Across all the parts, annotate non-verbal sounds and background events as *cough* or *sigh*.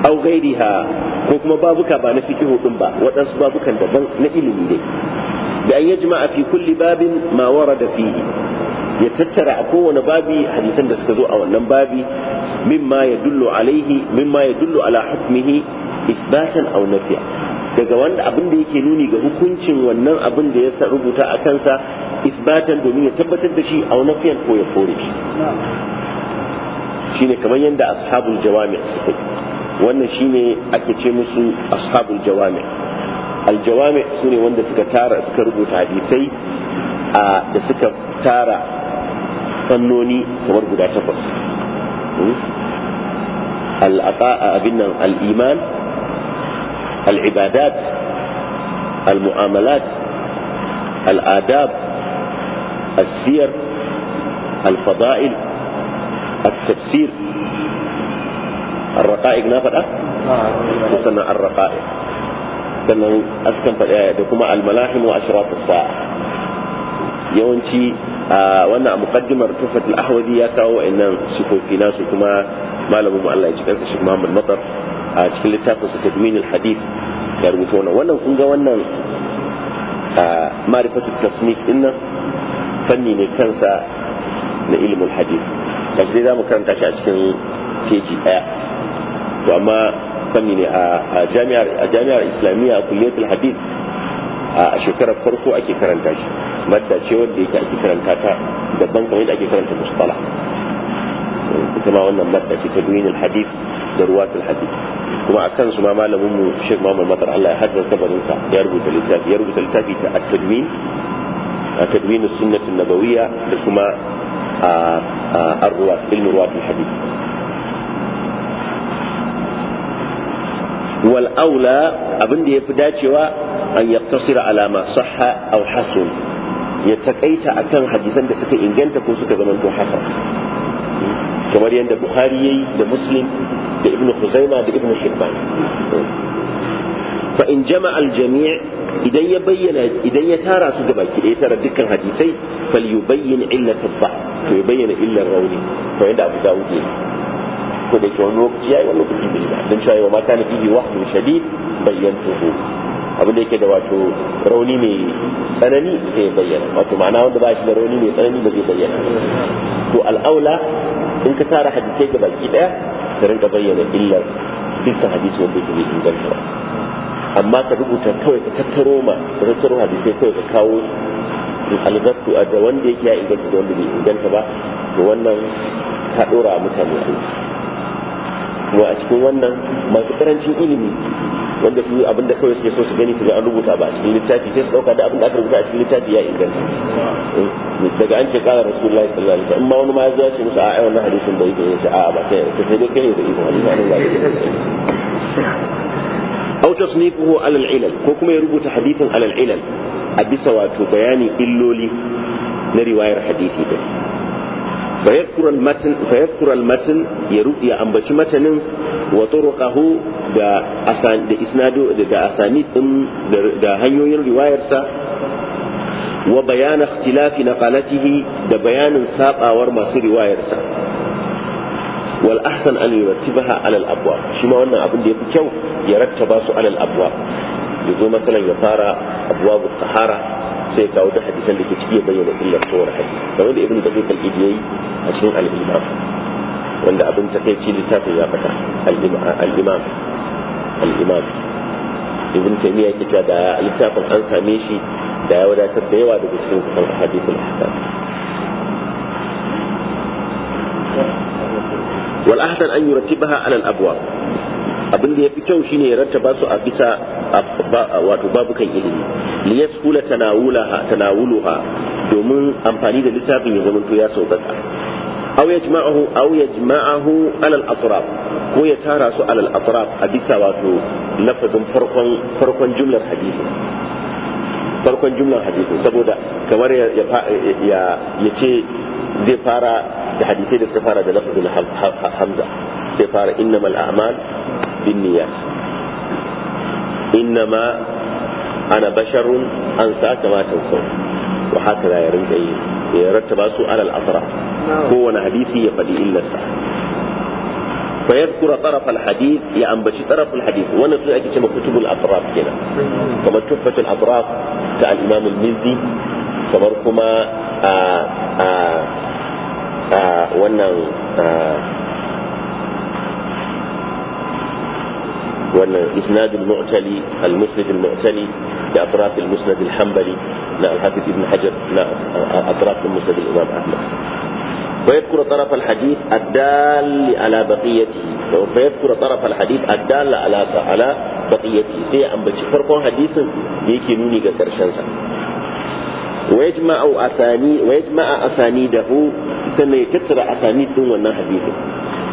aw ghairiha ko kuma babuka ba na fiqh din ba waɗansu babukan daban na ilimi ne da an yajma fi kulli babin ma warada fihi ya tattara a kowane babi hadisan da suka zo a wannan babi mimma yadullu alaihi mimma yadullu ala hukmihi isbatan aw nafiya daga wanda abin da yake nuni ga hukuncin wannan abin da ya rubuta a kansa isbatan domin ya tabbatar da shi aw nafiyan ko ya kore shi shine kamar yadda ashabul jawami suka wannan shine ake ce musu ashabul jawami aljawami su ne wanda suka tara suka rubuta hadisai da suka tara fannoni kamar guda takwas al'ata'a abin nan al'iman al'ibadat al-mu'amalat al'adab al-siyar al-fada'il al-tafsir الرقائق نافدا سنة الرقائق sannan askan faɗi da kuma almalahim wa ashratu sa'a yawanci wannan a muqaddimar tufatul ahwadi ya kawo wa'annan sifofi nasu kuma malamin mu Allah ya ji shi Muhammad Matar a cikin littafin sa tadmin hadith ya rubuta wannan wannan kun ga wannan ma'rifatul tasnif din nan fanni ne kansa na ilmul hadith kashi dai zamu karanta shi a cikin keji daya to amma sami ne a jami'ar islamiyya a kulliyatul hadith a shekarar farko ake karanta shi madda ce wanda yake ake karanta ta daban kamar yadda ake karanta mustala ita ma wannan madda ce ta duniyar hadith da ruwatul hadith kuma akan su ma malamin mu Sheikh Muhammad Matar Allah ya haddar kabarin sa ya rubuta littafi ya rubuta littafi ta at-tadwin at-tadwin as-sunnah nabawiyya da kuma ar-ruwat ilmu ruwatul al wal aula abinda ya fi dacewa an yaqtasira ala ma sahha aw hasun ya takaita kan hadisan da suka inganta ko suka zamanto hasan kamar yadda bukhari yayi da muslim da ibnu khuzaima da ibnu hibban fa in jama al idan ya bayyana idan ya tara su gaba ki ɗaya tara dukkan hadisai fal yubayyin illat to ya bayyana illar rauni to yadda abu dawud yayi ko da ke wani lokaci yayi wani lokaci bai ba dan cewa wa mata na fihi wahdu shadid bayyantuhu abin da yake da wato rauni mai tsanani sai bayyana wato ma'ana wanda ba shi da rauni mai tsanani ba zai bayyana to al'aula in ka tara hadisai ga baki daya ka rinka bayyana illar dukkan hadisi wanda yake bai inganta ba amma ka rubuta kawai ka tattaro ma ka tattaro hadisai kawai ka kawo algattu da wanda yake ya inganta da wanda bai inganta ba to wannan ka dora mutane aiki kuma a cikin wannan masu karancin ilimi wanda su abin da kawai suke so su gani su ga an rubuta ba a cikin littafi sai su dauka da abin da aka rubuta a cikin littafi ya inganta eh, daga an ce kala rasulullahi sallallahu alaihi wasallam amma wani ma ya zo ya ce musu a'a wannan hadisin bai ga yace a'a ba kai sai dai kai da ibn hadisi ba au tasnifuhu ala al-ilal ko kuma ya rubuta hadisin ala al-ilal a bisa wato bayani illoli na riwayar hadisi din fayadkur al ya ambaci matanin wa turuqahu da da isnadu da asani da hanyoyin riwayarsa wa bayan ikhtilafi naqalatihi da bayanin sabawar masu riwayarsa wal ahsan an yurattibaha ala al-abwab shi ma wannan abin da yafi kyau ya rattaba su ala al-abwab yazo masalan ya fara abwabut tahara sai kawo duk hadisan da ke ciki ya bayyana illar kowar hadisi kamar da ibn dabiq al-id a cikin al-imam wanda abin takeici littafin ya fata al-imam al-imam ibn taymiya ya cewa da littafin an same shi da ya wadatar da yawa daga cikin kusan hadisul hasan wal ahsan an yurattibaha ala al abwab abin da yafi kyau shine ya rattaba su a bisa wato kan ilimi li yasula tanawulaha tanawuluha domin amfani da littafin ya zamanto ya sauƙaƙa aw yajma'ahu aw yajma'ahu ala al-atraf ko ya tara su ala al-atraf a bisa wato lafazin farkon farkon jumlar hadisi farkon jumlar hadisi saboda kamar ya ya ce zai fara da hadisai da suka fara da lafazin hamza zai fara innamal a'mal binniyat إنما أنا بشر أنسى كما تنسون وهكذا يرنك يرتب سوء على الأثر نعم. هو حديثي يفدي إلا الساعه فيذكر طرف الحديث يا يعني أنبشي طرف الحديث وانا سنة أجي كما كتب الأطراف كنا كما تفت الأطراف تاع الإمام المزي كما ركما آآ آه، آآ آه، آآ آه، وانا آآ والإسناد المعتلي المسند المعتلي لأطراف المسند الحنبلي لا نعم، الحافظ ابن حجر لا نعم، أطراف المسند الإمام أحمد فيذكر طرف الحديث الدال على بقيته فيذكر طرف الحديث الدال على على بقيته سي ام بشي فرقو حديث يكي نوني كترشنسا ويجمع اساني ويجمع اسانيده سنه يكسر اسانيد دون الحديث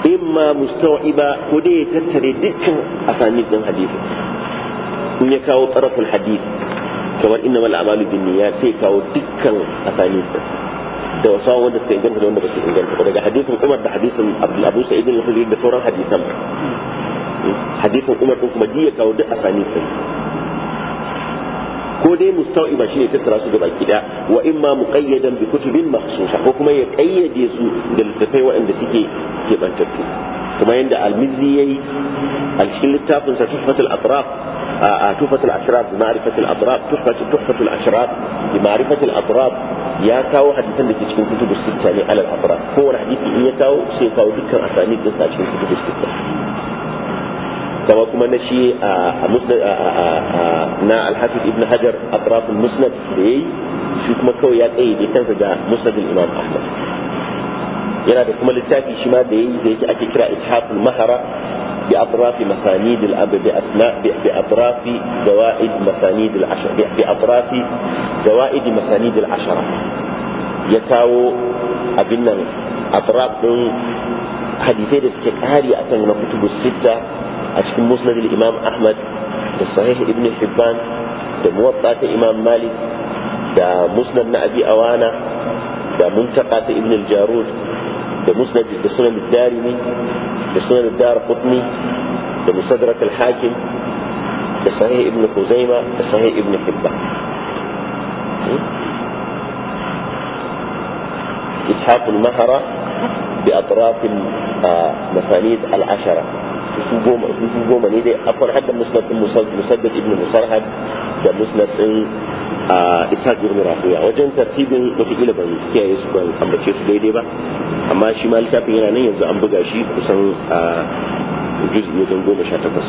imma mustawiba ko dai ya tattare dukkan asani din hadisi in ya kawo taraful hadisi kamar innamal a'malu binniyat sai kawo dukkan asani din da wasu wanda suka inganta da wanda ba su inganta ba daga hadisin Umar da hadisin Abdul Abu Sa'id al-Khudri da sauran hadisan hmm. hadisin Umar din kuma duk ya kawo duk asani din ko dai mustawiba shine tattara su gaba gida wa imma muqayyadan bi kutubin makhsusa ko kuma ya kayyade su da littafai waɗanda suke ke bantattu kuma yadda almizi yayi a cikin littafin sa tuhfatul atraf a tuhfatul atraf bi ma'rifatul atraf tuhfatul tuhfatul atraf bi ma'rifatul atraf ya kawo hadisan da ke cikin kutubus sitta ne alal atraf ko wani hadisi in ya kawo sai kawo dukkan asani din sa cikin kutubus sitta kama kuma na shi na alhafiz ibn hajar atrafin musnad da ya yi shi kuma kawai ya tsaye da kansa da musnadin imam ahmad yana da kuma littafi shi ma da ya yi da yake ake kira ithaful mahara Bi بأطراف مسانيد الأب بأسماء بأطراف زوائد مسانيد العشرة بأطراف زوائد مسانيد العشرة يتاو أبنا أطراف حديثي da suke kari a kan na kutubu sita أشكي مسند الإمام أحمد الصحيح ابن حبان da muwatsa ta imam malik da musnad na abi awana da muntaka ta ibn al-jarud da musnad da sunan al darimi da sunan dar qutni da musadrak al-hakim da sahih ibn khuzaima da sahih ibn hibban atraf al-masanid al-ashara su goma su goma ne dai akwai hadda musnad din musaddad ibn musarhad da musnad din ishaq ibn rafiya wajen tartibin wataƙila ban kiyaye su ban ambace su daidai ba amma shi ma littafin yana nan yanzu an buga shi kusan juz'i wajen goma sha takwas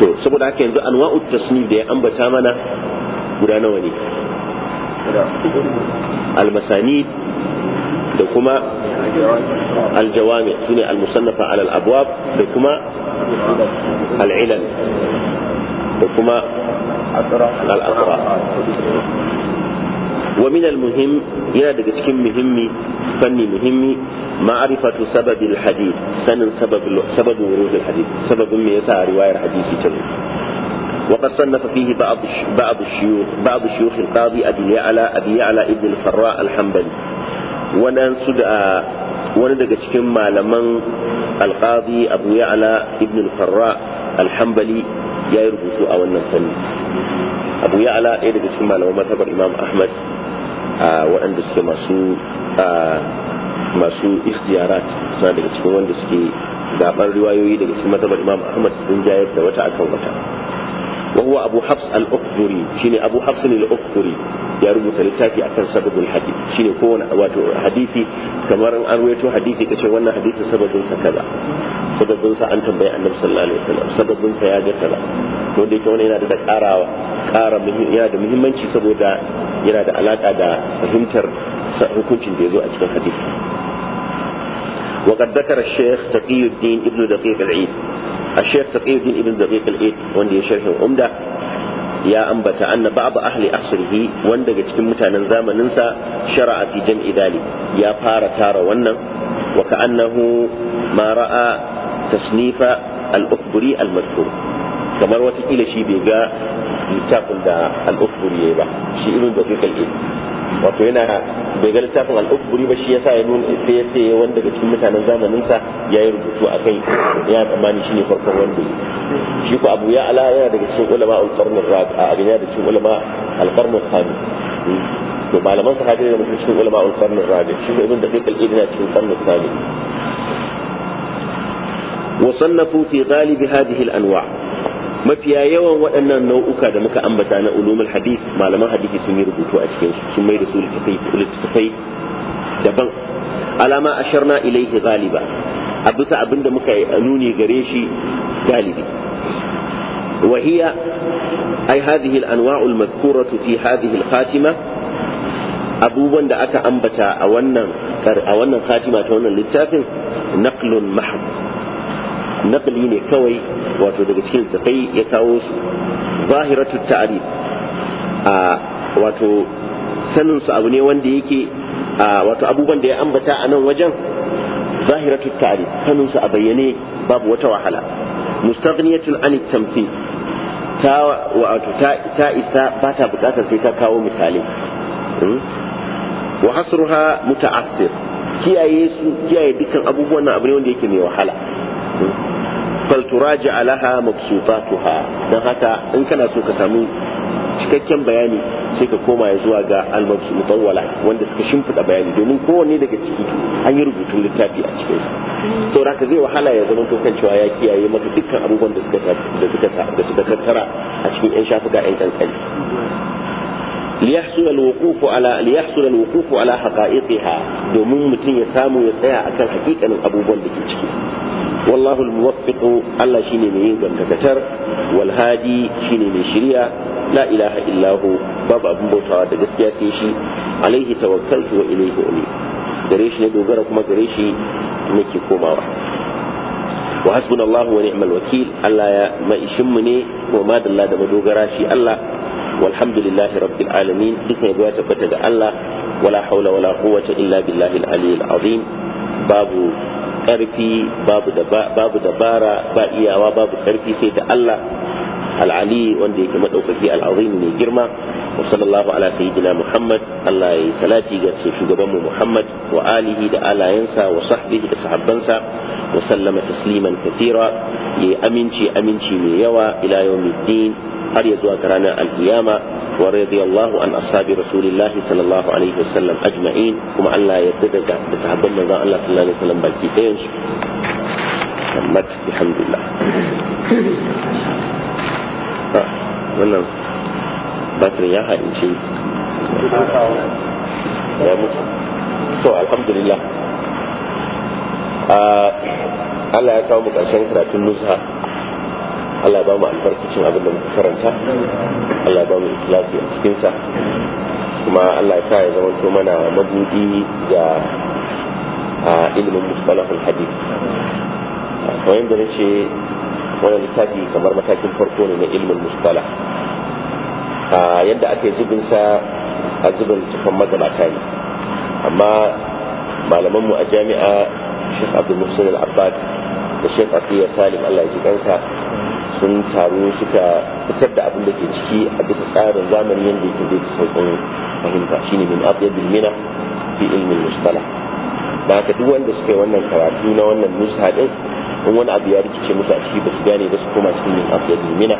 to saboda haka yanzu anwa'u tasnif da ya ambata mana guda nawa ne al-masanid da kuma aljawami su ne almusannafa alal abwab da kuma al'ilal da kuma al'asra wa min almuhim yana daga cikin muhimmi fanni muhimmi ma'arifatu sababil hadith sanin sababin wurudin hadith sababin me yasa riwayar hadisi ta وقد صنف فيه بعض بعض الشيوخ بعض الشيوخ القاضي ابي يعلى ابي يعلى ابن الفراء الحنبلي waɗansu da wani daga cikin malaman alƙazi abu ya'ala ibn al-farra alhambali ya yi rubutu a wannan fanni abu ya'ala ɗaya daga cikin malaman matabar imam ahmad waɗanda suke masu masu ikhtiyarat suna daga cikin wanda suke zaɓar riwayoyi daga cikin matabar imam ahmad sun jayar da wata akan wata وهو أبو حفص الأكثري شيني أبو حفص الأكثري يا رب تلتاكي أكن سبب الحديث شيني كون واتو حديثي كما أرويتو حديثي كشي وانا حديث سبب سكذا سبب سا أنت بي النبي صلى الله عليه وسلم سبب سا يا جتلا to da yake wani yana da ƙara ƙara yana da muhimmanci saboda yana da alaƙa da fahimtar hukuncin da ya zo a cikin hadisi وقد ذكر الشيخ تقي الدين ابن دقيق العيد الشيخ تقي الدين ابن دقيق العيد وندي شرح عمدة يا أنبت أن بعض أهل عصره وندق تكون متانا زامن ننسى شرع في جمع ذلك يا فار تار ونم وكأنه ما رأى تصنيف الأخبري المذكور kamar watakila shi bai ga littafin da al'ukburi ya ba shi irin da kuka yi wato yana bai ga littafin al'ukburi ba shi yasa ya nuna sai ya ce wanda ga cikin mutanen zamaninsa ya yi rubutu a kai ya yi tsammani shi ne farkon wanda yi shi ku abu ya ala yana daga cikin ulama alƙarnin rabi a abin yana daga cikin ulama alƙarnin sami to malaman sahabi da mutum cikin ulama alƙarnin rabi shi ko ibn da ɗaiƙal ɗin yana cikin ƙarnin kami وصنفوا في غالب هذه anwa mafiya yawan waɗannan nau'uka da muka ambata na ulumul hadith malaman hadisi sun yi rubutu a cikin sun mai da su littattafai daban alama asharna ilaihi galiba a bisa abin da muka nuni gare shi galibi وهي أي هذه الأنواع المذكورة في هذه الخاتمة aka ambata a wannan naqli ne kawai wato daga cikin safai ya kawo su zahiratu ta'rif a wato sanin abu ne wanda da ya ambata a nan wajen zahiratu ta'rif sanin a bayyane babu wata wahala mustaghniyatun an tamthil isa ba bukatar sai ka kawo misali hmm? wa hasruha muta'assir kiyaye abubuwan nan yake mai wahala hmm? fal alaha haka in kana so ka cikakken bayani sai ka koma ya zuwa ga almabsu mutawwala wanda suka shimfiɗa bayani domin kowanne daga ciki an yi rubutun littafi a cikin su saboda zai wahala ya zama to kan cewa ya kiyaye maka dukkan abubuwan da suka da suka da suka tattara a cikin yan shafuka yan kankani liyahsul alwuquf ala liyahsul alwuquf ala haqa'iqiha domin mutum ya samu ya tsaya akan hakikanin abubuwan da ke ciki wallahu الموفق allah shine mai yin كتر walhadi shine mai shiriya. la ilaha illahu babu abin bautawa da gaskiya sai shi alaihi tawakkaltu wa ilaihi uni gare shi ne dogara kuma gare shi nake komawa wa hasbunallahu wa ni'mal wakil Allah ya ma'ishin mu ne wa madalla da madogara shi Allah walhamdulillahi rabbil alamin dukan ya tabbata ga Allah wala haula wala quwwata illa billahi al-aliyyil azim babu karfi babu dabara ba iyawa babu karfi sai da Allah al'ali wanda yake madaukaki al'azim mai girma wa sallallahu ala sayyidina muhammad Allah ya yi salati ga shugaban mu muhammad wa alihi da alayensa wa sahbihi da sahabbansa wa sallama tasliman kathira ya aminci aminci mai yawa ila yawmiddin har ya zuwa ranar alkiyama wa radiyallahu an ashabi rasulillahi sallallahu alaihi wasallam ajma'in kuma Allah ya yarda da sahabban manzon Allah sallallahu alaihi wasallam baki ɗayan su Muhammad alhamdulillah wannan batirin ya haɗince ya mutu so alhamdulillah ah, Allah ya kawo mu ƙarshen karatun nusa Allah ya ba mu albarkacin abin da muka karanta Allah ya ba mu ikhlasi a cikinsa kuma Allah ya ya zama to mana mabudi ga ah, ilimin mustalahul hadith kamar yadda nace wani littafi kamar matakin farko ne na ilmin mustala a yadda aka yi sa a zubin tufan magabata ne amma malamanmu a jami'a shek abdul muhsin al-abbad da shek atiyar salim allah ji sun taru suka fitar da abin da ke ciki a bisa tsarin zamani yadda yake zai sauƙin fahimta shine min abyadul mina fi ilmin mustala da haka duk wanda suka yi wannan karatu na wannan musa din in wani abu ya rikice musu a ciki ba su gane ba su koma cikin yin abu da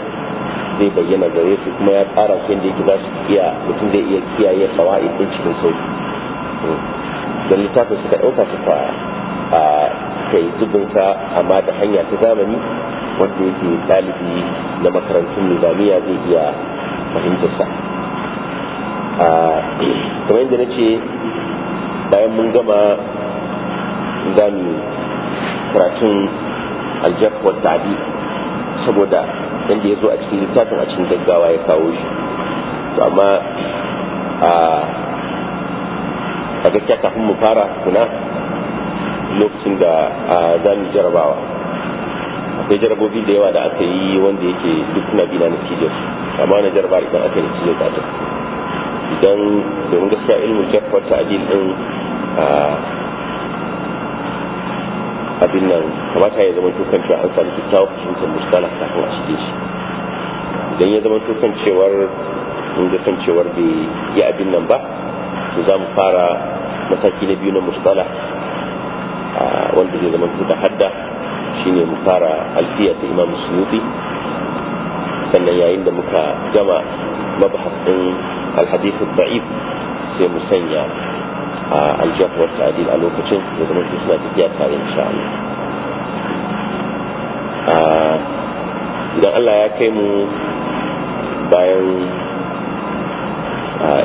zai bayyana gare su kuma ya tsara su yadda yake za su iya mutum zai iya kiyaye a din cikin sauki don littafin suka ɗauka suka a kai sa amma da hanya ta zamani wanda yake ɗalibi na makarantun nizamiya zai iya fahimtarsa kamar yadda na ce bayan mun gama za mu karatun aljarh wa ta'dil saboda inda ya zo a cikin littafin a cikin gaggawa ya kawo shi to amma a gaskiya kafin mu fara kuna lokacin da za mu jarabawa akwai jarabobi da yawa da aka yi wanda yake duk na bi na natijar amma wani jaraba idan aka yi da ta idan domin gaskiya ilmu jarfar ta'adil din abin nan kamata ya zama tukan cewa an sami kyakkyawar fahimtar mustala kafin a shige shi idan ya zama tukan cewar mun ga kan cewar bai yi abin nan ba to za mu fara mataki na biyu na mustala wanda zai zama da hadda shine mu fara alfiya ta imam suyuti sannan yayin da muka gama mabahas din alhadithu da'if sai mu sanya aljihar wa ta'adil a lokacin da zama su suna tafiya tare insha Allah idan Allah ya kai mu bayan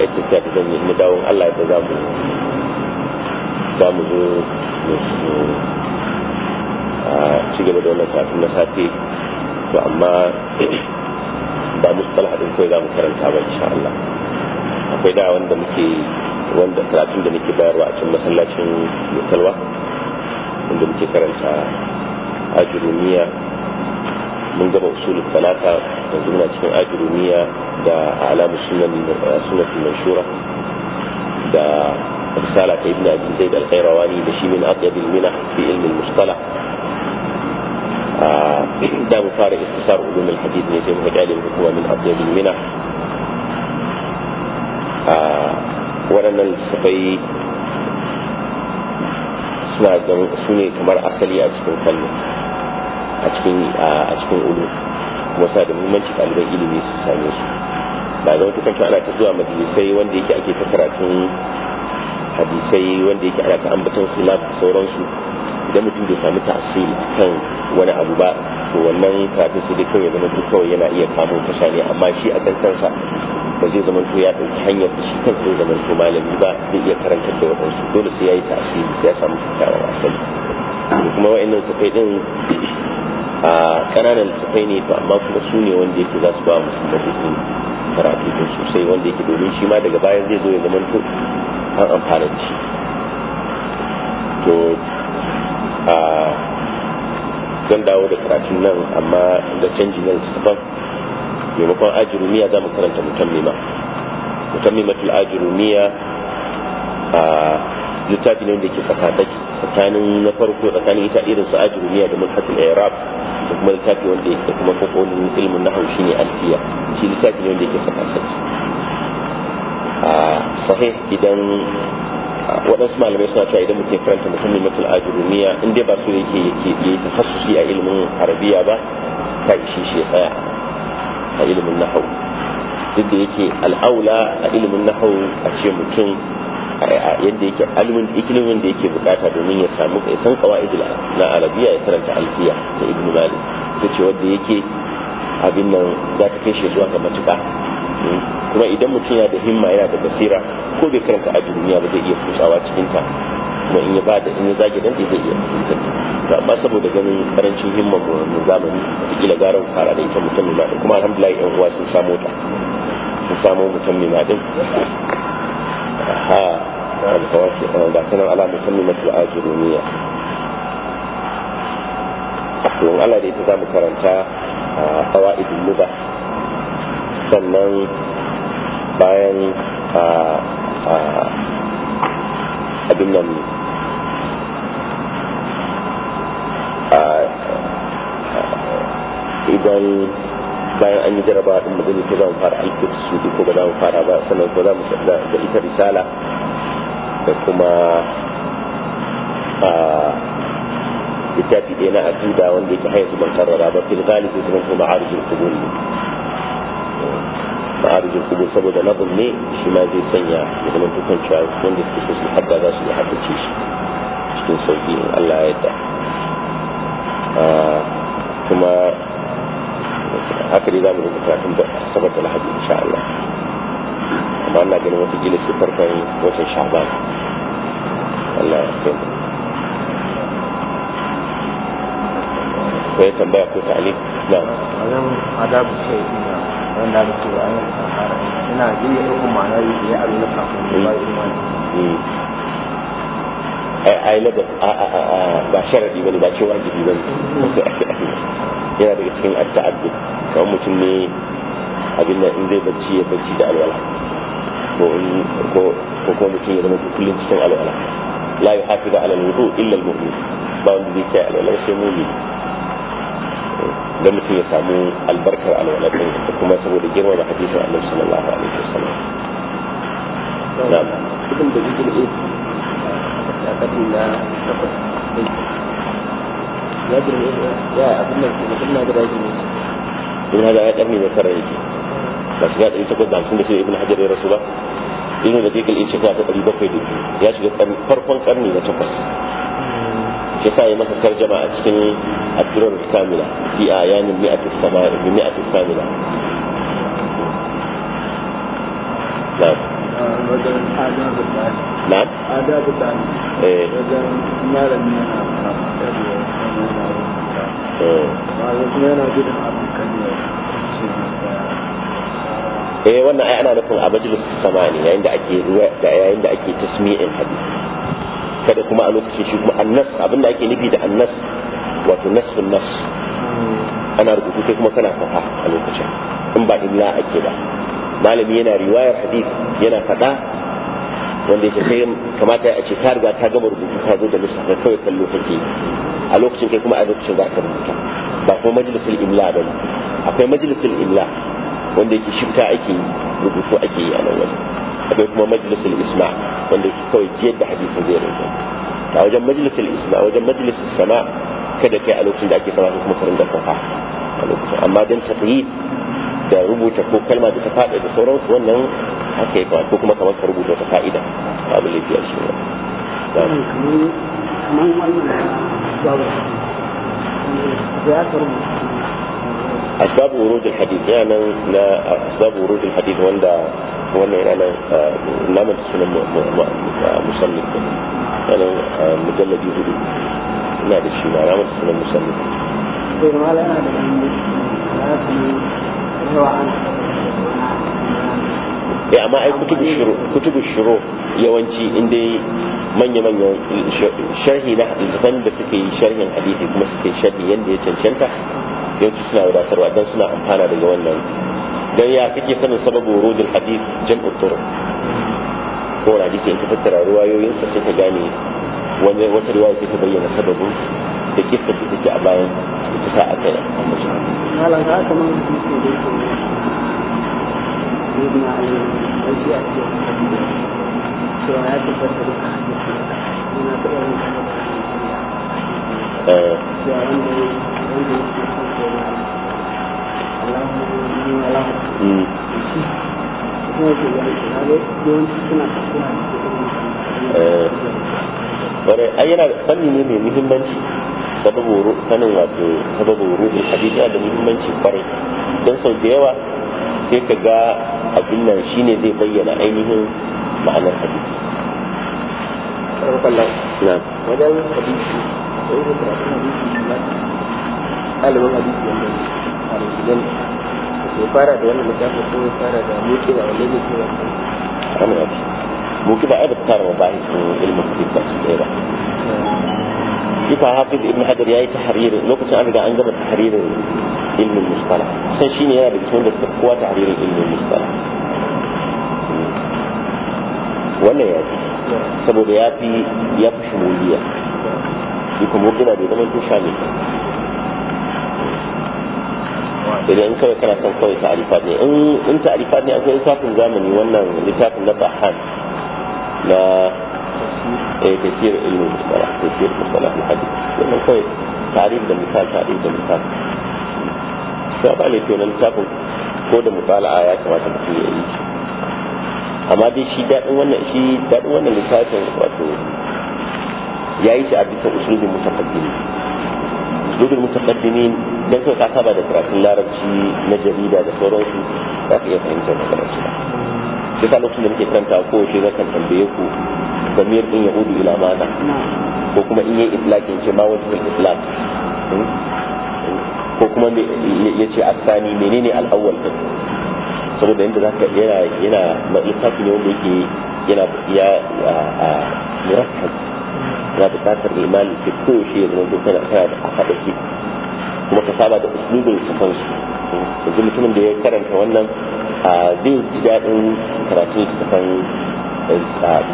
ita ta ta zanyi mu dawon Allah ya za mu za mu zo mu ci gaba da wannan kafin na safe to amma ba mustalah din kawai za mu karanta ba insha Allah akwai da wanda muke wanda karatun da nake bayarwa a cikin masallacin mutalwa wanda muke karanta ajurumiya mun gaba usulul talata yanzu muna cikin ajurumiya da alamu sunan mashura da risala ta abi zaid al-khairawani da shi رسالة ابن أبي زيد الخيرواني ده شيء من أطيب المنح في علم المصطلح hadith ne sai mu ga dalilin ما min من al-minah waɗannan yi suna su ne kamar asali a cikin kallo a cikin a cikin ulu kuma sa da muhimmanci ɗaliban ilimi su same su ba da wata kanta ana ta zuwa majalisai wanda yake ake ta karatun hadisai wanda yake ana ta ambaton su na sauransu idan mutum bai samu tasiri kan wani abu ba to wannan karatun su dai kawai zama duk kawai yana iya kamo tasha ne amma shi a kankansa ba zai zama to ya ɗauki hanyar da shi kan zai zama to malami ba zai iya karantar da waɗansu dole sai ya yi tasiri sai ya samu kyakkyawar asali kuma wa'annan tafai ɗin a ƙananan tafai ne to amma kuma su ne wanda yake za su ba da hukun karatu da sosai wanda yake domin shi ma daga baya zai zo ya zama to an amfana da shi to a zan dawo da karatu nan amma da canji nan sabon maimakon ajirumiya za mu karanta mutammima mutammimatul ajirumiya a littafi ne wanda ke tsakatsaki tsakanin na farko tsakanin ita irin su ajirumiya da mulhatul arab da kuma littafi wanda yake kuma kokolin ilmin nahawu shine alfiya shi littafi ne wanda yake tsakatsaki a sahih idan waɗansu malamai suna cewa idan mutum karanta musamman matul ajirumiya in dai ba su yake yake yi tafassusi a ilimin arabiya ba ta ishi shi ya tsaya a ilimin nahau duk da yake al'aula a ilimin nahau a ce mutum yadda yake alimin ikilimin da yake bukata domin ya samu ya san qawaidul na arabiya ya karanta alfiya da ibn malik ce wanda yake abin nan za ta kai shi zuwa ga matuka kuma idan mutum yana da himma yana da basira ko bai karanta a duniya ba zai iya fusawa cikin ta kuma in yi ba da in yi zage dan zai iya fahimtar ta amma saboda ganin karancin himman mu zamani da kila garan fara da ita mutum na kuma alhamdulillah yan uwa sun samu ta sun samu mutum na din ha alkawaki da eh, sanar ala mutum na ajiruniya don Allah da ita zamu karanta a ah, qawaidul lugha sannan bayan a ah, ah, abin nan idan bayan an yi jaraba din magani ko za mu fara alkit su ko ba za mu fara ba sannan ko za mu da ita risala da kuma a littafi ɗaya na aƙida wanda yake haizu ban karrara ba fil galibi sunan kuma arzikin kubul ne ma'arujin kubo saboda nabul ne shi ma zai sanya ya zama dukkan cewa wanda suke so su hadda za su yi haddace shi cikin sauki in Allah ya yarda kuma haka ne za mu rubuta tun da asabar da lahadi insha Allah amma ina ganin wata gila da farkon watan sha'ban Allah ya kai sai tambaya ko ta ta'alik na wajen adabu sai ina wanda da cewa ina jin da ɗaukar ma'ana yi da ya abu na kafin da ba mm. imani mm. ai ai na da ba sharadi bane ba ce wajibi bane mm. *laughs* yana daga cikin at-ta'addud kamar mutum ne abin da in zai bacci ya bacci da alwala ko ko ko ko mutum ya zama kullum cikin alwala la yuhafizu ala al-wudu illa al-mu'min ba wanda zai kai alwala sai mu'min da mutum ya samu albarkar alwala din da kuma saboda girmama hadisin Annabi sallallahu alaihi wasallam na'am ibn da yake da a katin da takwas ya birni ya abin nan kuma kuma da daji ne ibn hajar ya karni mai yake ba shiga ɗari takwas da hamsin da shida ibn hajar ya rasu ba ibn da kekal yace ta ɗari bakwai da ya shiga farkon karni na takwas shi sa ya masa tarjama a cikin addurar kamila fi ayanin mi'atul samari mi'atul kamila na'am wajen adabu da na eh. wajen malami yana eh. yana gudun ne eh wannan ai ana nufin a samani yayin da ake da yayin da ake tasmi'in hadisi kada kuma a lokacin shi kuma annas abinda ake nufi da annas wato nasfun nas hmm. ana rubutu kai kuma kana fafa a lokacin in ba illa ake ba malami yana riwayar hadisi yana faɗa wanda yake sai kamata a ce ta riga ta gama rubutu ka zo da lissafi kawai kallo kake a lokacin kai kuma a lokacin za ka rubuta ba kuma majalisul imla ba ne akwai majalisul imla wanda yake shifta ake yi rubutu ake yi a nan wajen akwai kuma majalisul isma wanda yake kawai jiyar da hadisin zai rinka a wajen majalisul isma a wajen majalisul sama kada kai a lokacin da ake sama kuma karin da fafa a lokacin amma don tafiyi da rubuta ko kalma da ta faɗa da sauransu wannan haka ba ko kuma kamar ka rubuta wata fa'ida babu laifi a ya wannan kamar wannan wurud alhadith ya rubuta أسباب ورود الحديث يعني لا أسباب ورود الحديث وندا وانا يعني نعمل السنة مصنف يعني مجلد يهودي نعم الشيء نعمل السنة da eh amma ai kutubu shuru kutubu shuru yawanci inda manya manya sharhi na hadisan da suke yi sharhin hadisi kuma suke sharhi yanda ya cancanta yawanci suna wadatarwa dan suna amfana daga wannan dan ya kake sanin sababu wurudul hadis jam'u turuq ko hadisi in ka tattara sa sai ka gane wani wata ruwaya sai ka bayyana sababu da kisa da take a bayan ita sa aka yi a mace. Malam za ka mun kisa da yake ne. Ibn Ali ya a ce cewa ya tabbata duka hadisi yana ta irin da ta cewa wanda ya wanda ya ce sun ce na na ni Allahu. Shi kuma ke yawanci suna tafiya da irin bare ai yana fanni ne mai muhimmanci sababu sanin wato sababu ruɗin hadisi da muhimmanci kwarai don sau da yawa sai ka ga abin nan shine zai bayyana ainihin ma'anar hadisi na wajen hadisi sai da karatun hadisi na ɗalibin hadisi wanda a rasulen ke fara da wani littafin ko fara da muke da wani ne ke wasu وكده عبد كار وبعض المكتب بسيطة يتعها في ابن حجر يأي تحرير لوك سأبقى عندما تحرير علم المصطلح سنشيني يا بك سنجد قوة تحرير علم المصطلح ولا يا بي سبب يا بي يا بي شمولية يكون ممكن أبي دمين تشامل إذا إنك يكرا سنقوي تعريفاتني إن تعريفاتني أنك إنتاكم زامني وأنا لتاكم لبا حان na تيسير علم المصطلح musamman na hadi wannan kawai tarihi da misal tarihi da misal ya ba ne tunan littafin ko da mutala'a ya kamata mutum ya yi amma dai shi daɗin wannan shi daɗin wannan littafin wato ya yi shi a bisa usulin mutaqaddimin usulin mutaqaddimin dan kai ka saba da karatun larabci na jarida da sauransu za ka iya fahimtar da karatu yasa lokacin da muke karanta ko shi zakan tambaye ku zamir din ya ila mana ko kuma in yayi itlaqin ce ma wajhul itlaq hmm? ko kuma ya ce asani menene al'awwal din saboda yadda zaka yana yana littafi ne wanda yake yana ya murakkab yana bukatar imani ke koyaushe ya zama dokar kana da a faɗa kuma ka saba da uslubin su kansu hmm? yanzu mutumin da ya karanta wannan zai ji daɗin karatun littattafan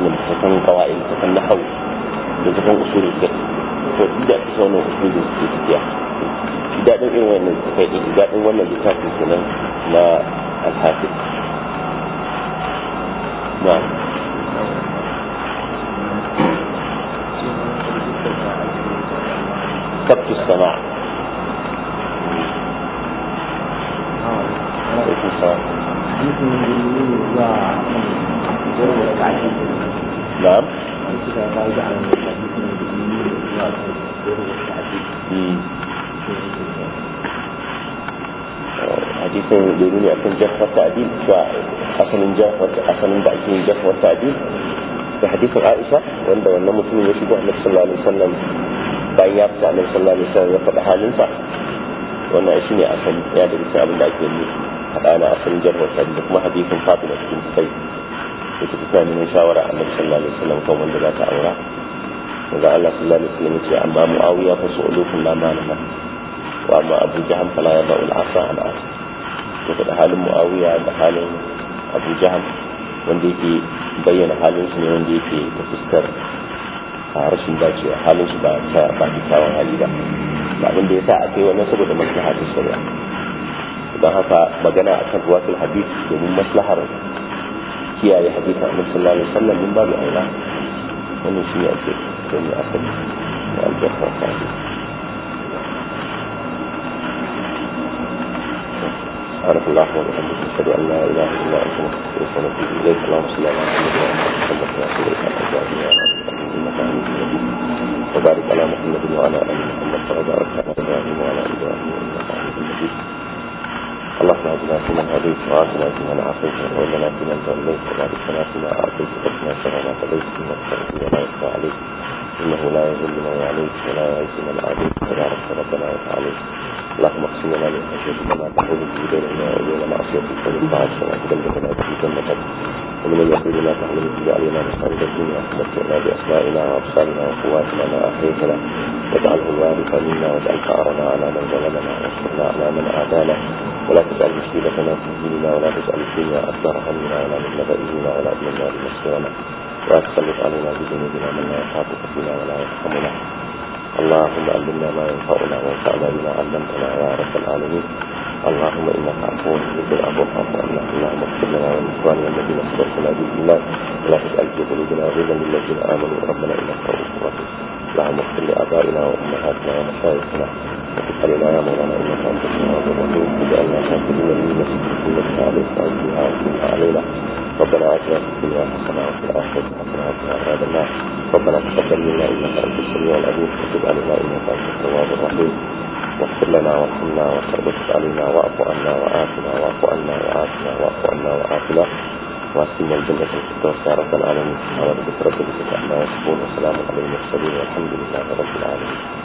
littattafan kawai littattafan na hau da littattafan usulun fiqh to da kusa wannan usulun suke tafiya ji daɗin irin wannan ji daɗin wannan littafin kenan na عليكم نعم حديث المجنون وزوجة عجيب نعم حديث راجع نعم حديث المجنون وزوجة نعم حديث يدلني على نعم والتعديل فأصل الجرح أصل ضعيف الجرح والتعديل في حديث عائشة وعند وأن مسلم يشهد النبي صلى الله عليه وسلم بأن صلى الله عليه وسلم يقطع حال صح وأن عشني أصل يا دليل أبو الله faɗa na asalin jarrar da kuma hadisin fatima cikin kai da ta kuka neman shawara a annabi sallallahu alaihi wasallam kan wanda za ta aura daga Allah sallallahu alaihi wasallam ce amma muawiya fa su'ulukun la malama wa amma abu jahm fala yada'u al-asa an as to da halin muawiya da halin abu jahm wanda yake bayyana halin su ne wanda yake ta fuskar a rashin dacewa halin su ba ta ba kyakkyawan hali ba abin da yasa aka yi wannan saboda maslaha ta shari'a don haka magana akan ruwatul hadith domin maslahar kiyaye a annabi sallallahu alaihi wasallam din babu aina wannan shi ne ake gani asali da albarka ta سبحانك اللهم وبحمدك أشهد ان لا اله الا انت نستغفرك ونتوب اليك اللهم صل على محمد وعلى اله وصحبه وسلم وبارك على محمد وعلى ال محمد وبارك على ابراهيم وعلى آله وصحبه وسلم اللهم في من هديت وعافنا من عافيت في من توليت وبارك لنا فيما اعطيت وقنا شر ما في من تقضي وما يخفى عليك انه لا يذل من يعليك ولا يعز من عليك تبارك ربنا وتعاليك اللهم اقسم لنا من خشيتك ما تحول به بيننا وبين معصيتك ومن طاعتك ما تبلغنا به جنتك ومن اليقين ما تحمل به علينا مصائب الدنيا متعنا باسمائنا وابصارنا وقواتنا ما احييتنا واجعله الوارث منا واجعل ثارنا على من ظلمنا وانصرنا على من عادانا ولا تجعل مشكلتنا في ديننا ولا تجعل الدنيا أكبر همنا ولا مبلغ علمنا ولا إلى النار مصيرنا ولا تسلط علينا بذنوبنا من لا يخافك بنا ولا يرحمنا اللهم علمنا ما ينفعنا وانفعنا بما علمتنا يا رب العالمين اللهم انك عفو تحب العفو فاعف عنا اللهم اغفر لنا ولاخواننا الذين سبقونا بالايمان ولا تجعل في قلوبنا غلا للذين امنوا ربنا انك رؤوف رحيم اللهم اغفر لابائنا وامهاتنا ومشايخنا فلما يأمرنا إلا أن تكون الرحيم وجعلنا شاكرين لنعمة كلك عليك وأجلها وأجلها علينا ربنا آتنا في الدنيا حسنة وفي الآخرة حسنة وقنا عذاب النار ربنا تقبل منا إنك أنت السميع العليم وتب إنك أنت التواب الرحيم واغفر لنا وارحمنا وثبت علينا واعف عنا وآتنا واعف عنا وآتنا واعف عنا وآتنا واسقنا الجنة الفردوس يا رب العالمين سبحان ربك رب العزة عما يصفون وسلام على المرسلين والحمد لله رب العالمين